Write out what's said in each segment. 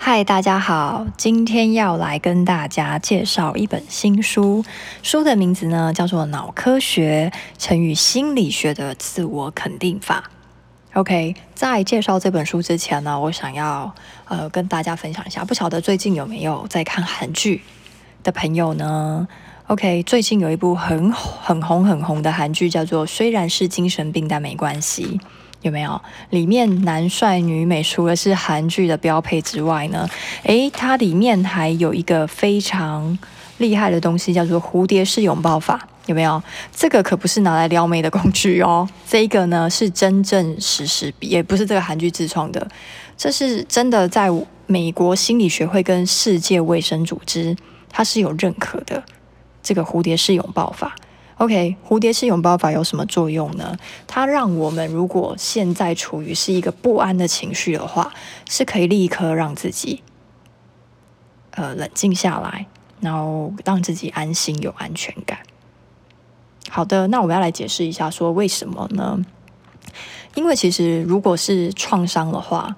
嗨，大家好！今天要來跟大家介紹一本新書，書的名字呢叫做《腦科學乘以心理學的自我肯定法》。OK，在介紹這本書之前呢，我想要呃跟大家分享一下，不曉得最近有沒有在看韓劇的朋友呢？OK，最近有一部很很紅很紅的韓劇，叫做《雖然是精神病但沒關係》。有沒有？裡面男帥女美，除了是韓劇的標配之外呢，誒，它裡面還有一個非常厲害的東西，叫做蝴蝶式擁抱法。有沒有？這個可不是拿來撩妹的工具哦。這個呢是真正實比，也不是這個韓劇自創的，這是真的在美國心理學會跟世界衛生組織，它是有認可的。這個蝴蝶式擁抱法。OK，蝴蝶式擁抱法有什麼作用呢？它讓我們如果現在處於是一個不安的情緒的話，是可以立刻讓自己，呃，冷靜下來，然後讓自己安心，有安全感。好的，那我們要來解釋一下，說為什麼呢？因為其實如果是創傷的話，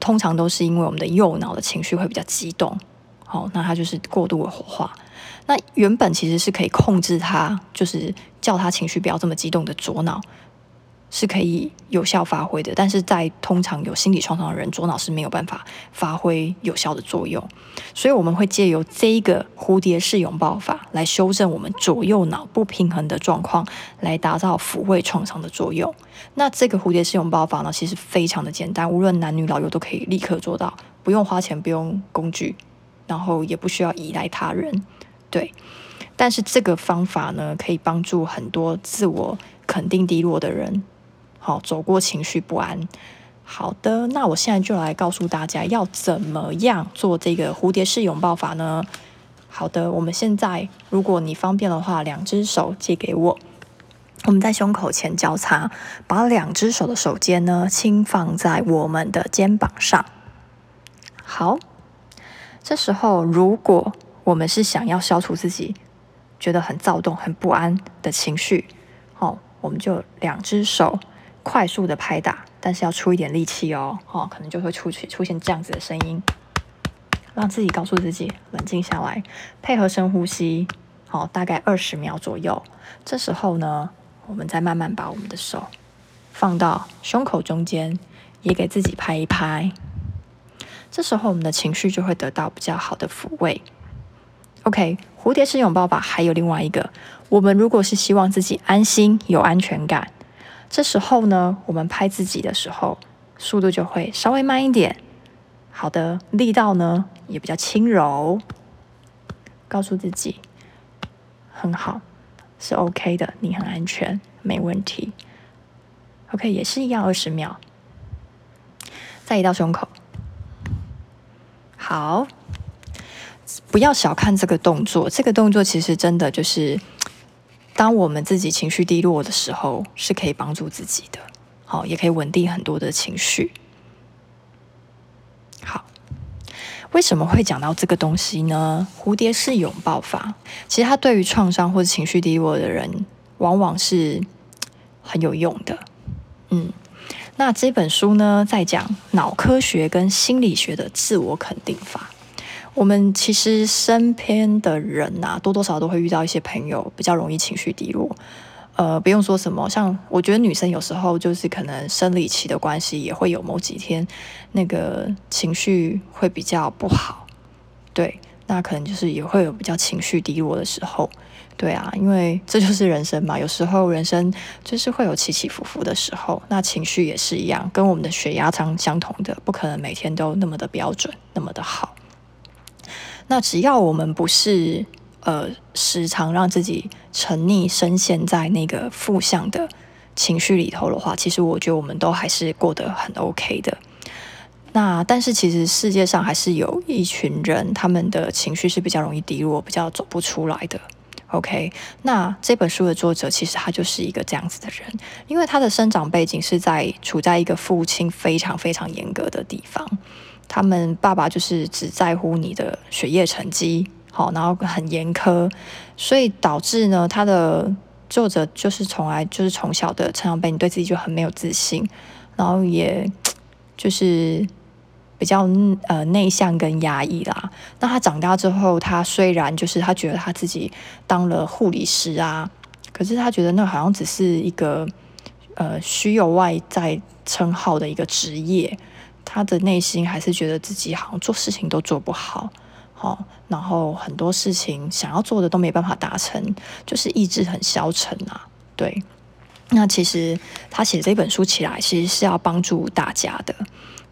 通常都是因為我們的右腦的情緒會比較激動，好、哦，那它就是過度的活化。那原本其實是可以控制他，就是叫他情緒不要這麼激動的左腦，是可以有效發揮的。但是在通常有心理創傷的人，左腦是沒有辦法發揮有效的作用。所以我們會借由這一個蝴蝶式擁抱法來修正我們左右腦不平衡的狀況，來達到撫慰創傷的作用。那這個蝴蝶式擁抱法呢，其實非常的簡單，無論男女老幼都可以立刻做到，不用花錢，不用工具，然後也不需要依賴他人。對，但是這個方法呢，可以幫助很多自我肯定低落的人，好、哦、走過情緒不安。好的，那我現在就來告訴大家要怎麼樣做這個蝴蝶式擁抱法呢？好的，我們現在，如果你方便的話，兩隻手借給我，我們在胸口前交叉，把兩隻手的手尖呢，輕放在我們的肩膀上。好，這時候如果我們是想要消除自己覺得很躁動、很不安的情緒，好、哦，我們就兩隻手快速的拍打，但是要出一點力氣哦，好、哦，可能就會出出現這樣子的聲音，讓自己告訴自己冷靜下來，配合深呼吸，好、哦，大概二十秒左右。這時候呢，我們再慢慢把我們的手放到胸口中間，也給自己拍一拍。這時候我們的情緒就會得到比較好的撫慰。OK，蝴蝶式擁抱法還有另外一個。我們如果是希望自己安心有安全感，這時候呢，我們拍自己的時候速度就會稍微慢一點。好的，力道呢也比較輕柔。告訴自己，很好，是 OK 的，你很安全，沒問題。OK，也是一樣，二十秒，再移到胸口，好。不要小看這個動作，這個動作其實真的就是，當我們自己情緒低落的時候，是可以幫助自己的，好、哦，也可以穩定很多的情緒。好，為什麼會講到這個東西呢？蝴蝶式擁抱法，其實它對於創傷或者情緒低落的人，往往是很有用的。嗯，那這本書呢，在講腦科學跟心理學的自我肯定法。我們其實身邊的人吶、啊，多多少少都會遇到一些朋友，比較容易情緒低落。呃，不用說什麼，像我覺得女生有時候就是可能生理期的關係，也會有某幾天那個情緒會比較不好。對，那可能就是也會有比較情緒低落的時候。對啊，因為這就是人生嘛，有時候人生就是會有起起伏伏的時候。那情緒也是一樣，跟我們的血壓艙相同的，不可能每天都那麼的標準，那麼的好。那只要我們不是呃時常讓自己沉溺、深陷在那個負向的情緒裡頭的話，其實我覺得我們都還是過得很 OK 的。那但是其實世界上還是有一群人，他們的情緒是比較容易低落、比較走不出來的。OK，那這本書的作者其實他就是一個這樣子的人，因為他的生長背景是在處在一個父親非常非常嚴格的地方。他們爸爸就是只在乎你的學業成績，好，然後很嚴苛，所以導致呢，他的作者就是從來就是從小的成長被你對自己就很沒有自信，然後也就是比較呃內向跟壓抑啦。那他長大之後，他雖然就是他覺得他自己當了護理師啊，可是他覺得那好像只是一個呃虛有外在稱號的一個職業。他的內心還是覺得自己好像做事情都做不好，好、哦，然後很多事情想要做的都沒辦法達成，就是意志很消沉啊。對，那其實他寫這本書起來，其實是要幫助大家的。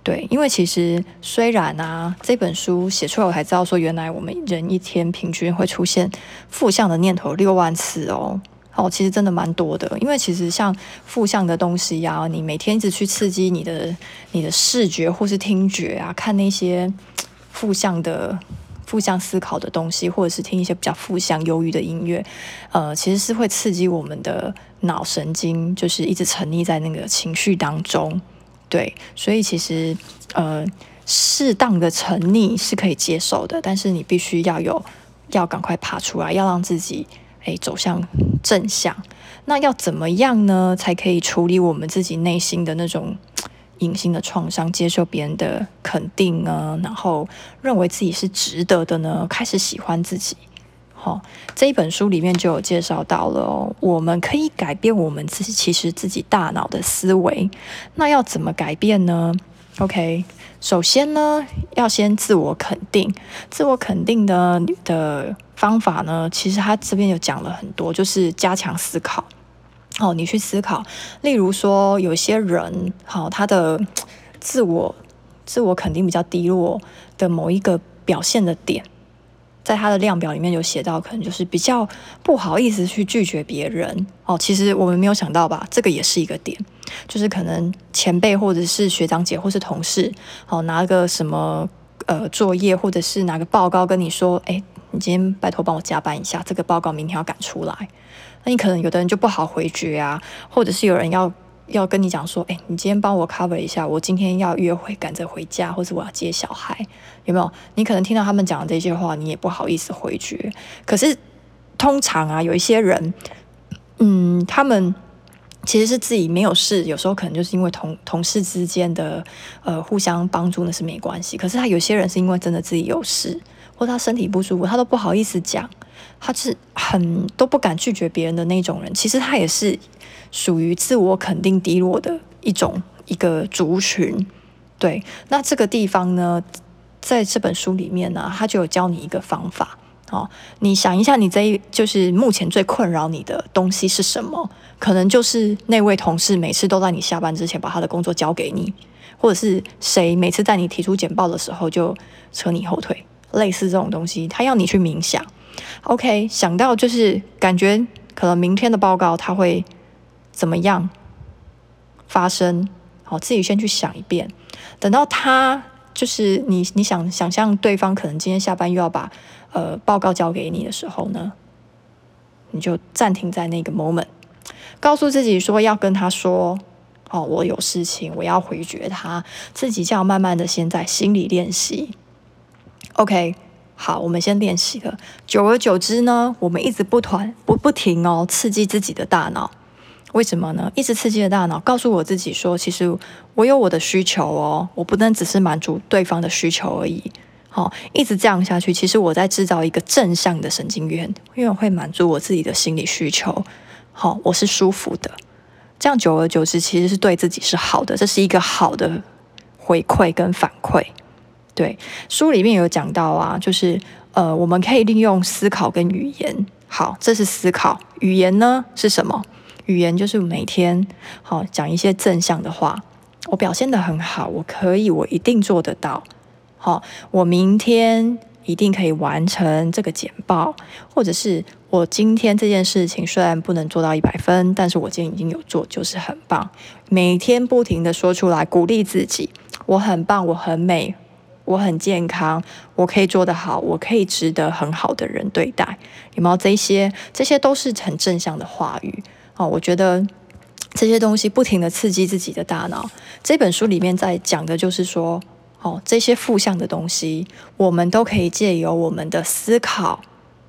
對，因為其實雖然啊，這本書寫出來，我才知道說，原來我們人一天平均會出現負向的念頭六萬次哦。哦，其實真的蠻多的，因為其實像負向的東西啊，你每天一直去刺激你的你的視覺或是聽覺啊，看那些負向的負向思考的東西，或者是聽一些比較負向憂鬱的音樂，呃，其實是會刺激我們的腦神經，就是一直沉溺在那個情緒當中，對，所以其實呃，適當的沉溺是可以接受的，但是你必須要有要趕快爬出來，要讓自己誒走向。正向，那要怎麼樣呢？才可以處理我們自己內心的那種隱形的創傷，接受別人的肯定啊，然後認為自己是值得的呢？開始喜歡自己，好、哦，這一本書裡面就有介紹到了、哦，我們可以改變我們自己，其實自己大腦的思維。那要怎麼改變呢？OK，首先呢，要先自我肯定，自我肯定的你的。方法呢，其實他這邊有講了很多，就是加強思考。哦，你去思考，例如說，有些人好、哦，他的自我自我肯定比較低落的某一個表現的點，在他的量表裡面有寫到，可能就是比較不好意思去拒絕別人。哦，其實我們沒有想到吧？這個也是一個點，就是可能前輩或者是學長姐或者是同事，好、哦、拿個什麼呃作業或者是拿個報告跟你說，哎。你今天拜託幫我加班一下，這個報告明天要趕出來。那你可能有的人就不好回絕啊，或者是有人要要跟你講說，哎、欸，你今天幫我 cover 一下，我今天要約會，趕着回家，或是我要接小孩，有沒有？你可能聽到他們講的這些話，你也不好意思回絕。可是通常啊，有一些人，嗯，他們其實是自己沒有事，有時候可能就是因為同同事之間的呃互相幫助，那是沒關係。可是他有些人是因為真的自己有事。或他身體不舒服，他都不好意思講，他是很都不敢拒絕別人的那種人。其實他也是屬於自我肯定低落的一種一個族群。對，那這個地方呢，在這本書裡面呢，啊，他就有教你一個方法。哦，你想一下，你這一就是目前最困擾你的東西是什麼？可能就是那位同事每次都在你下班之前把他的工作交給你，或者是誰每次在你提出簡報的時候就扯你後腿。類似這種東西，他要你去冥想，OK，想到就是感覺可能明天的報告他會怎麼樣發生，好，自己先去想一遍。等到他就是你，你想想象對方可能今天下班又要把呃報告交給你的時候呢，你就暫停在那個 moment，告訴自己說要跟他說，哦，我有事情，我要回絕他。自己這樣慢慢的先在心裡練習。OK，好，我們先練習了。久而久之呢，我們一直不團不不停哦，刺激自己的大腦。為什麼呢？一直刺激的大腦，告訴我自己說，其實我有我的需求哦，我不能只是滿足對方的需求而已。好、哦，一直這樣下去，其實我在製造一個正向的神經元，因為我會滿足我自己的心理需求。好、哦，我是舒服的。這樣久而久之，其實是對自己是好的，這是一個好的回饋跟反饋。對，書裡面有講到啊，就是呃，我們可以利用思考跟語言。好，這是思考，語言呢是什麼？語言就是每天好、哦、講一些正向的話。我表現得很好，我可以，我一定做得到。好、哦，我明天一定可以完成這個簡報，或者是我今天這件事情雖然不能做到一百分，但是我今天已經有做，就是很棒。每天不停地說出來，鼓勵自己，我很棒，我很美。我很健康，我可以做得好，我可以值得很好的人對待，有沒有這些？這些都是很正向的話語哦。我覺得這些東西不停地刺激自己的大腦。這本書裡面在講的就是說，哦，這些負向的東西，我們都可以借由我們的思考，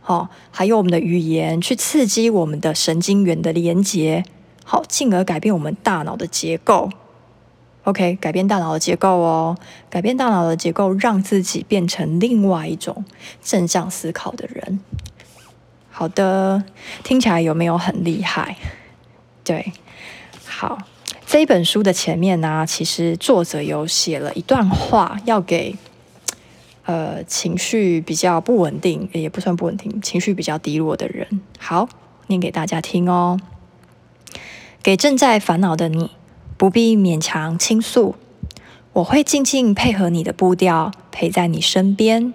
哦，還有我們的語言去刺激我們的神經元的連接，好，哦，進而改變我們大腦的結構。OK，改變大腦的結構哦，改變大腦的結構，讓自己變成另外一種正向思考的人。好的，聽起來有沒有很厲害？對，好，這一本書的前面呢、啊，其實作者有寫了一段話，要給呃情緒比較不穩定，也不算不穩定，情緒比較低落的人。好，念給大家聽哦，給正在煩惱的你。不必勉強傾訴，我會靜靜配合你的步調，陪在你身邊。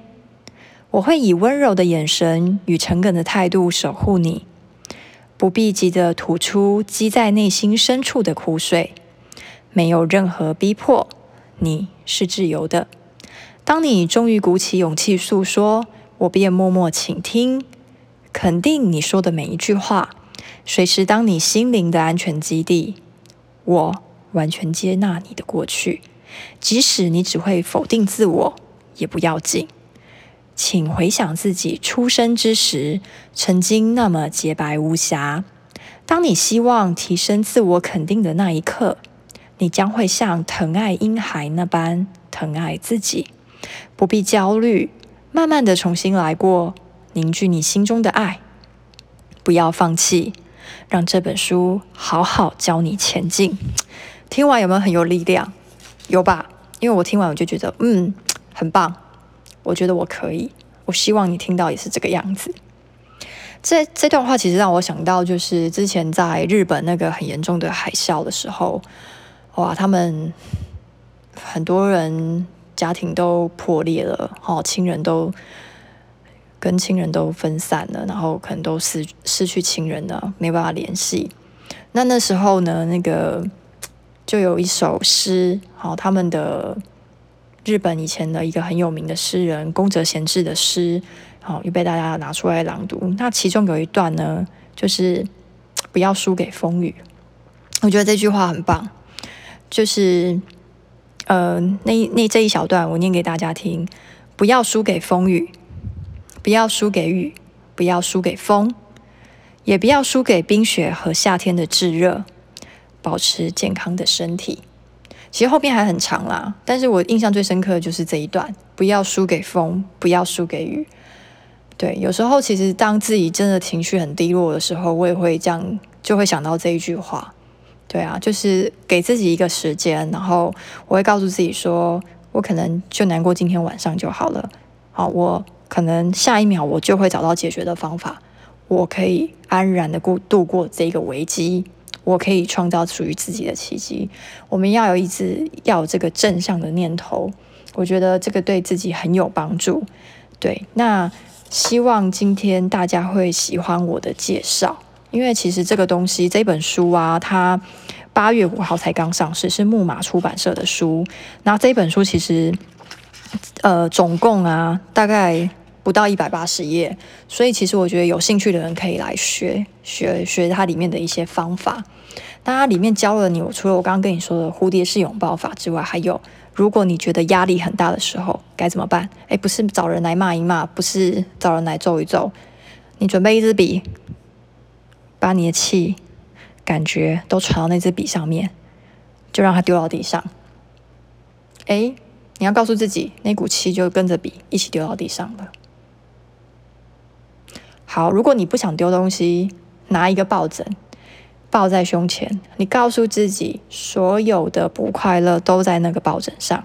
我會以溫柔的眼神與誠懇的態度守護你。不必急着吐出積在內心深處的苦水，沒有任何逼迫，你是自由的。當你終於鼓起勇氣訴說，我便默默傾聽，肯定你說的每一句話，隨時當你心靈的安全基地，我。完全接納你的過去，即使你只會否定自我也不要緊。請回想自己出生之時，曾經那麼潔白無瑕。當你希望提升自我肯定的那一刻，你將會像疼愛嬰孩那般疼愛自己。不必焦慮，慢慢地重新來過，凝聚你心中的愛。不要放棄，讓這本書好好教你前進。聽完有沒有很有力量？有吧？因為我聽完我就覺得，嗯，很棒。我覺得我可以。我希望你聽到也是這個樣子。這這段話其實讓我想到，就是之前在日本那個很嚴重的海嘯的時候，哇，他們很多人家庭都破裂了，哈、哦，親人都跟親人都分散了，然後可能都失失去親人了，沒辦法聯繫。那那時候呢，那個。就有一首詩，好，他們的日本以前的一個很有名的詩人宮澤賢治的詩，好，又被大家拿出來朗讀。那其中有一段呢，就是不要輸給風雨。我覺得這句話很棒，就是呃，那那這一小段我念給大家聽：不要輸給風雨，不要輸給雨，不要輸給風，也不要輸給冰雪和夏天的炙熱。保持健康的身體，其實後面還很長啦。但是我印象最深刻的就是這一段：不要輸給風，不要輸給雨。對，有時候其實當自己真的情緒很低落的時候，我也會這樣，就會想到這一句話。對啊，就是給自己一個時間，然後我會告訴自己說：我可能就難過今天晚上就好了。好，我可能下一秒我就會找到解決的方法，我可以安然的過度過這個危機。我可以創造屬於自己的奇蹟。我們要有一直要這個正向的念頭，我覺得這個對自己很有幫助。對，那希望今天大家會喜歡我的介紹，因為其實這個東西這本書啊，它八月五號才剛上市，是木馬出版社的書。那這本書其實，呃，總共啊，大概。不到一百八十頁，所以其實我覺得有興趣的人可以來學學學它裡面的一些方法。但它裡面教了你，我除了我剛剛跟你說的蝴蝶式擁抱法之外，還有如果你覺得壓力很大的時候該怎麼辦？哎、欸，不是找人來罵一罵，不是找人來揍一揍，你準備一支筆，把你的氣感覺都傳到那支筆上面，就讓它丟到地上。哎、欸，你要告訴自己，那股氣就跟着筆一起丟到地上了。好，如果你不想丟東西，拿一個抱枕抱在胸前，你告訴自己，所有的不快樂都在那個抱枕上。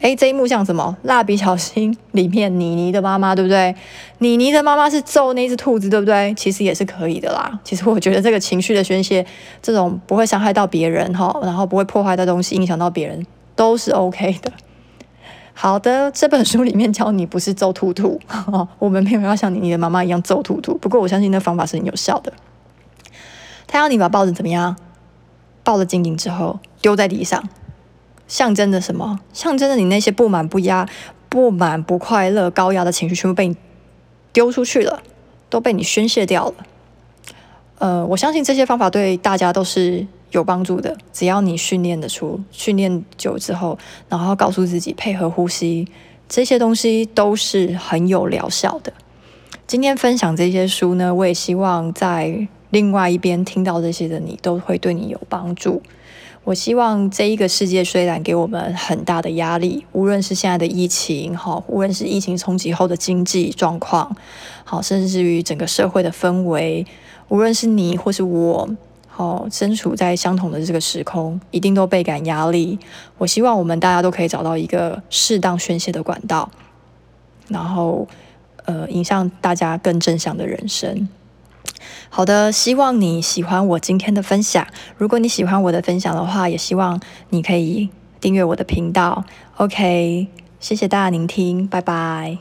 哎，這一幕像什麼？蠟筆小新裡面妮妮的媽媽，對不對？妮妮的媽媽是揍那隻兔子，對不對？其實也是可以的啦。其實我覺得這個情緒的宣洩，這種不會傷害到別人哈，然後不會破壞到東西，影響到別人都是 OK 的。好的，這本書裡面教你不是揍兔兔，哦、我們沒有要像你，你的媽媽一樣揍兔兔。不過我相信那方法是很有效的。他要你把抱枕怎麼樣，抱了緊緊之後丟在地上，象徵着什麼？象徵着你那些不滿、不壓、不滿、不快樂、高壓的情緒，全部被你丟出去了，都被你宣洩掉了。呃，我相信這些方法對大家都是。有幫助的，只要你訓練得出，訓練久之後，然後告訴自己配合呼吸，這些東西都是很有療效的。今天分享這些書呢，我也希望在另外一邊聽到這些的你，都會對你有幫助。我希望這一個世界雖然給我們很大的壓力，無論是現在的疫情哈，無論是疫情衝擊後的經濟狀況，好，甚至於整個社會的氛圍，無論是你或是我。好、哦，身處在相同的這個時空，一定都倍感壓力。我希望我們大家都可以找到一個適當宣洩的管道，然後呃，影響大家更正向的人生。好的，希望你喜歡我今天的分享。如果你喜歡我的分享的話，也希望你可以訂閱我的頻道。OK，謝謝大家聆聽，拜拜。